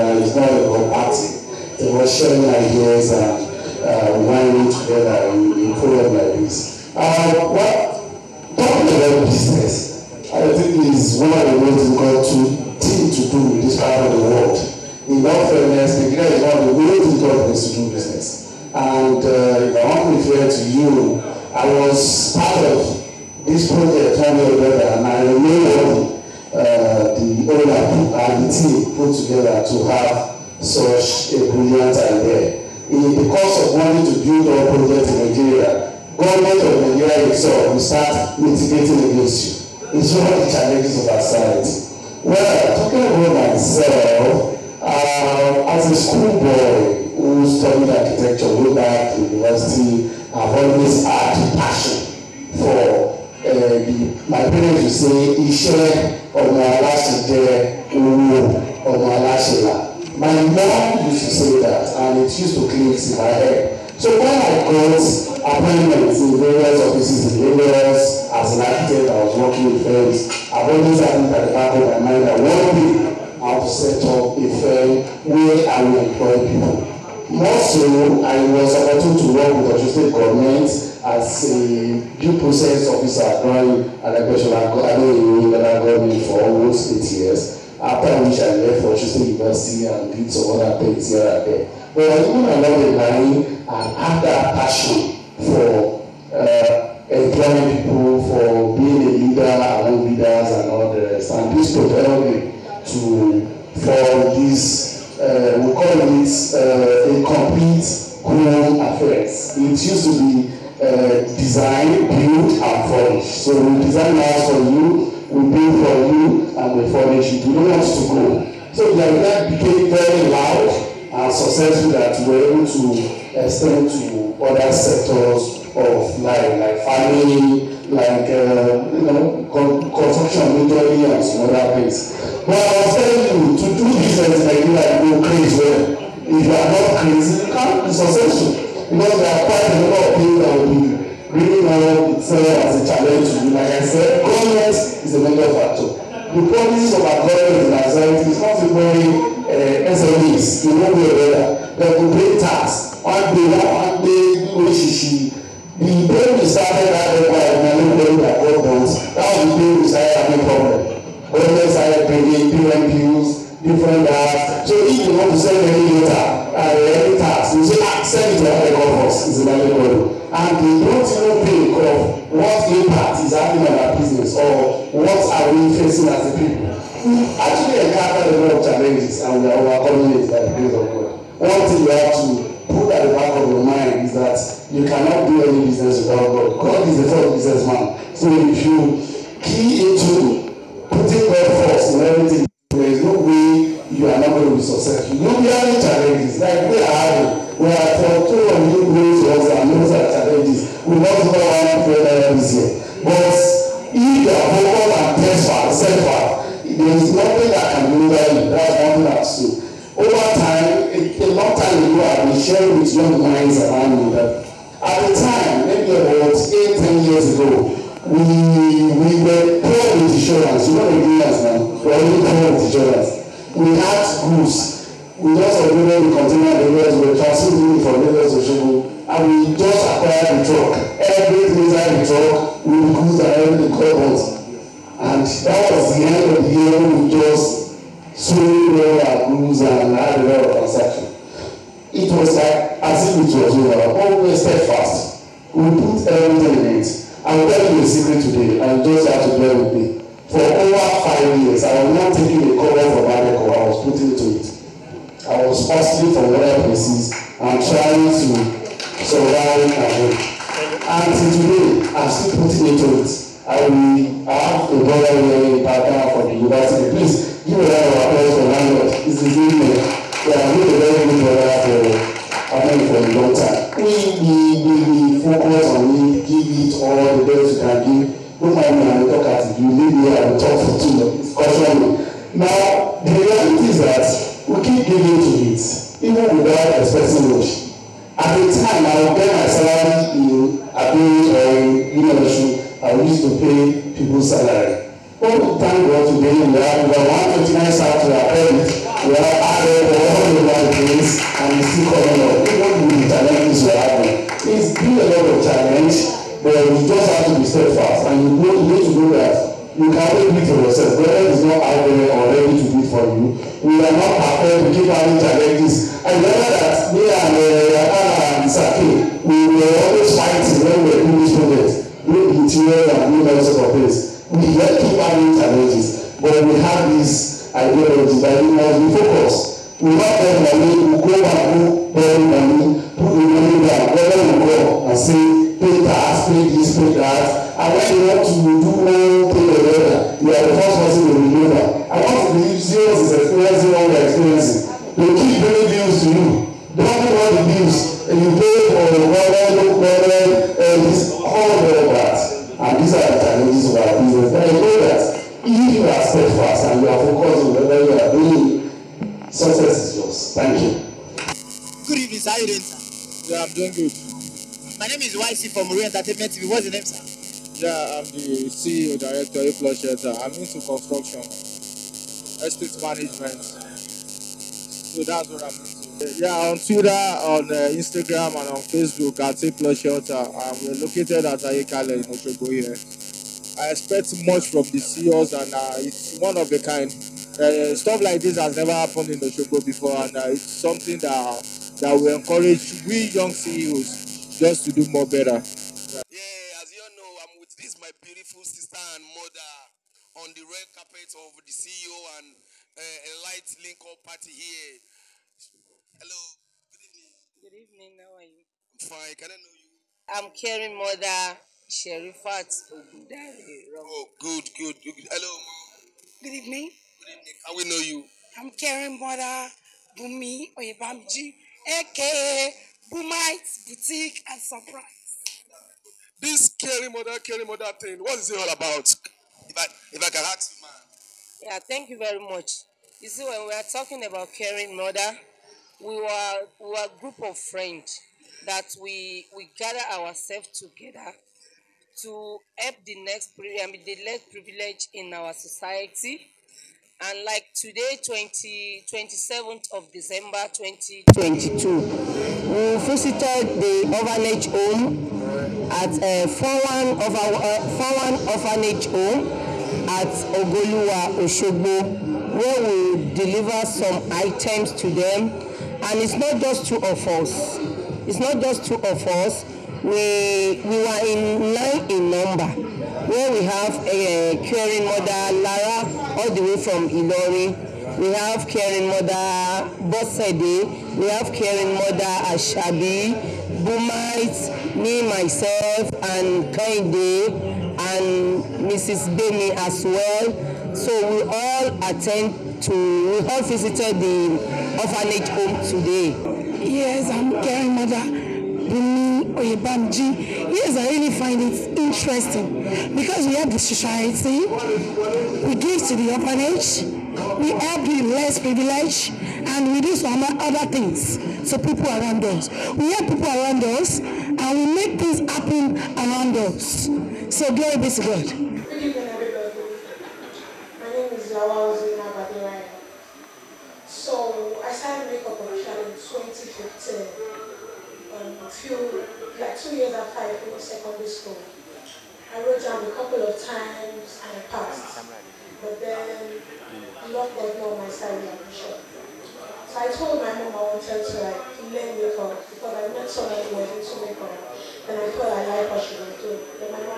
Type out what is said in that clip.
uh, is not a whole party. It was sharing ideas and uh, whining together in, in programs like this. Uh, well, talking about business, I think is one of the most important thing to do in this part of the world. In all fairness, Nigeria is one of the most important things to do business. And uh, if I want to refer to you, I was part such a brilliant idea. In the course of wanting to build all project in Nigeria, government of Nigeria itself will start mitigating against you. It's one of the challenges of our society. Well, talking about myself, um, as a schoolboy who studied architecture way back to university, I've always had passion for uh, the, my parents would say, iṣẹ́ ọmọ aláṣẹ jẹ́ owó ọmọ aláṣẹ là. My mom used to say that, and it used to click in my head. So when I got appointments in various offices in various as an architect, I was working with firms. I've always had it at the back of my mind that one day I have to set up a firm where I will employ people. More so, I was opportune to work with the state government as a due process officer during an education I got in the government for almost eight years. after which I left for Houston University and did some other things here and there. But I was not along the line and have that passion for uh, employing people, for being a leader among leaders and all the rest. And this propelled me to for this, uh, we call it uh, a complete cool affairs. It used to be uh, design, and furnish. So we design house for you, will be for you and the furniture. You don't want to go. So the event became very loud and successful that we were able to extend to other sectors of life like family, like uh, you know, con consumption majorly and some other things. But I was telling you to do business in Nigeria you go crazy well. If you are not crazy, you can't be successful because there are quite a lot of people that will be We know it's as a challenge to you. Like I said, government is a major factor. The promise of our government in Nigeria is not to marry SMEs, to no be aware. They go pay tax one day, one day, oṣiṣi. The day we started that requirement, we know that God knows. That was the day we started having problem. Government started bringing different bills, different that. So if you want to send any data, and uh, any tax, you say, ah, send it to the government. It's a valid problem and they don't know think of what impact is having on our business or what are we facing as a people. Actually encounter a lot of challenges and we are overcoming it by the grace of God. One thing you have to put at the back of your mind is that you cannot do any business without God. God is the first businessman. So if you there is nothing that can do hinder you that's one that i say over time a, long time ago i been sharing with young minds around me that at the time maybe about eight ten years ago we we were poor with insurance you know the insurance na we were really poor with insurance we had goods we just upgraded the container the rest we transferred it from Lagos to Segun and we just acquired the truck every laser we truck we use and everything call And that was the end of the year we just slowly rolled our cruise and had a lot of transaction. It was like as if it was over. One way steadfast. We put everything in it. I'm tell you a secret today and just have to bear with me. For over five years, I was not taking a cover from Adeco. I was putting it to it. I was hustling from other places and trying to survive and work. And today, I still putting it to it. I have ask the brother Larry Tata from the university. Please give a round of applause for Landlord. This is really they are been a very good brother for Abel uh, for a long time. We we we we focus on it, give it all the best you can give. No mind me, I talk at you, maybe I will talk for two long. It's Now the reality is that we keep giving to it, even without expecting much. At the time I will get my salary in Abu or in University. I used to pay people's salary. Oh, thank God today we have we have 129 to our credit. We have added all over the place and we still coming up. Even with the challenges we are having, it's been a lot of challenge, but you just have to be steadfast and you know you need to do that you can only do it for yourself whether it's not out there or ready to do it for you we are not prepared to keep having challenges i remember that me and uh, and Saki, we were always fighting when we were doing this project make interior and legal sort of things we get to having challenges but we have this ideology that we must be focused we not get money we go back go borrow money put the money down whether we go and say pay tax pay this pay that and when you want to do one pay the other you are the first person to remember i want to believe zero is experience. Zero is experience. to keep Success is yours. Thank you. Good evening, sir. How are you doing, sir? Yeah, I'm doing good. My name is YC from Re Entertainment TV. What's your name, sir? Yeah, I'm the CEO, Director, A Plus Shelter. I'm into construction, estate management. So that's what I'm into. Yeah, on Twitter, on uh, Instagram, and on Facebook at A Plus Shelter. And we're located at Ayekale in Oshogbo here. I expect much from the CEOs, and uh, it's one of a kind. Uh, stuff like this has never happened in Oshogo before, and uh, it's something that that will encourage we young CEOs just to do more better. Yeah. yeah, as you know, I'm with this my beautiful sister and mother on the red carpet of the CEO and uh, a light link up party here. Hello, good evening. Good evening, how are you? I'm fine, can I know you? I'm caring mother Sherifat Oh, good, good, good. Hello, Good evening. Good evening. we know you? I'm Karen Mother Bumi Oyebamji, aka Bumite Boutique and Surprise. This caring mother, caring mother thing, what is it all about? If I, if I can ask you, man. Yeah, thank you very much. You see, when we are talking about caring mother, we were, we were a group of friends that we, we gather ourselves together to help the next I mean, the less privileged in our society and like today 20 27th of december 2022 we visited the orphanage home at uh, Fawan Orphan uh, Fawan orphanage home at Ogoluwa Oshogbo where we deliver some items to them and it's not just two of us it's not just two of us we we were in nine in number where we have uh, caring mother Lara all the way from Ilori. we have caring mother Bosede we have caring mother Ashabi Bumite me myself and Kainde and Mrs. Bemi as well so we all attend to we all visited the orphanage home today. Yes, I'm caring mother. Mm, Oyebanji, yes, I really find it interesting because we have the society, we give to the orphanage, we help the less privileged, and we do some other things to people around us. We help people around us, and we make things happen around us. So glory be to God. Good My name is So I started makeup operation in 2015 um, few, like two years after I finished secondary school. I wrote down a couple of times and I passed. But then luck was not my side, I'm sure. So I told my mom I wanted to like learn makeup because I met someone who was into makeup and I thought I like what she was doing.